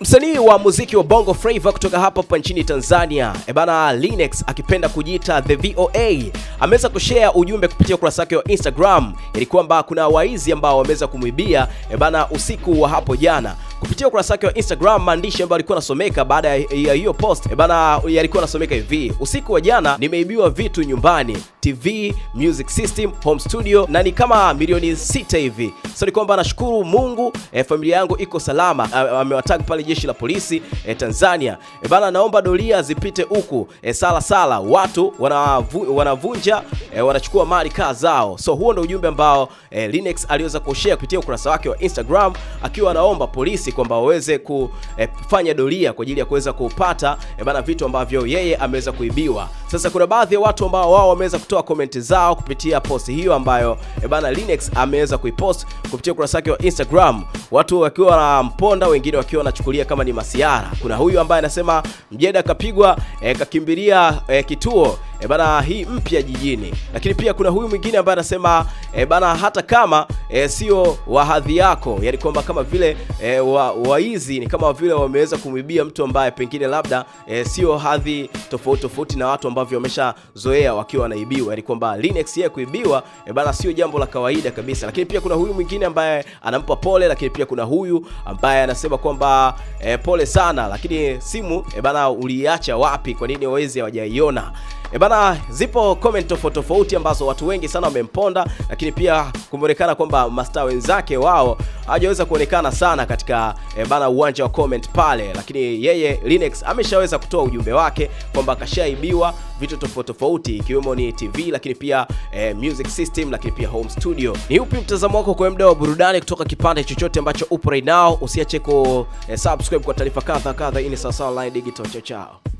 Msanii wa muziki wa Bongo Flava kutoka hapa hapa nchini Tanzania, ebana Linux akipenda kujiita The VOA ameweza kushare ujumbe kupitia ukurasa wake wa Instagram ili kwamba kuna waizi ambao wameweza kumwibia ebana usiku wa hapo jana. Kupitia ukurasa wake wa Instagram, maandishi ambayo alikuwa anasomeka baada ya hiyo post ebana yalikuwa anasomeka hivi: usiku wa jana nimeibiwa vitu nyumbani, TV, music system, home studio na ni kama milioni sita hivi. So ni kwamba nashukuru Mungu e, familia yangu iko salama. Eh, amewatag pale jeshi la polisi e, Tanzania e, bana, naomba doria zipite huku e, sala sala, watu wanavu, wanavunja e, wanachukua mali kaa zao. So huo ndio ujumbe ambao e, Linux aliweza kushare kupitia ukurasa wake wa Instagram akiwa anaomba polisi kwamba waweze kufanya e, doria kwa ajili ya kuweza kupata e, bana vitu ambavyo yeye ameweza kuibiwa. Sasa kuna baadhi ya watu ambao wao wameweza kutoa kutoa komenti zao kupitia posti hiyo ambayo e bana Linex ameweza kuipost kupitia ukurasa wake wa Instagram, watu wakiwa na mponda, wengine wakiwa wanachukulia kama ni masiara. Kuna huyu ambaye anasema Mjeda kapigwa e, kakimbilia e, kituo e bana, hii mpya jijini. Lakini pia kuna huyu mwingine ambaye anasema e bana, hata kama e, sio wa hadhi yako, yani kwamba kama vile e, wa, waizi ni kama vile wameweza kumwibia mtu ambaye pengine labda e, sio hadhi tofauti tofauti na watu ambavyo wameshazoea wakiwa wanaibiwa, yani kwamba Linux yeye kuibiwa e bana, sio jambo la kawaida kabisa. Lakini pia kuna huyu mwingine ambaye anampa pole, lakini pia kuna huyu ambaye anasema kwamba e, pole sana, lakini simu e bana, uliacha wapi? Kwa nini wawezi hawajaiona? E bana, zipo comment tofauti tofauti ambazo watu wengi sana wamemponda, lakini pia kumeonekana kwamba mastaa wenzake wao hajaweza kuonekana sana katika e bana uwanja wa comment pale, lakini yeye Linux ameshaweza kutoa ujumbe wake kwamba kashaibiwa vitu tofauti tofauti ikiwemo ni TV, lakini pia e, music system, lakini pia home studio. Ni upi mtazamo wako kwa mda wa burudani kutoka kipande chochote ambacho upo right now? Usiache ku e, subscribe kwa taarifa kadha kadha. Hii ni Sawasawa Online Digital. Chao chao.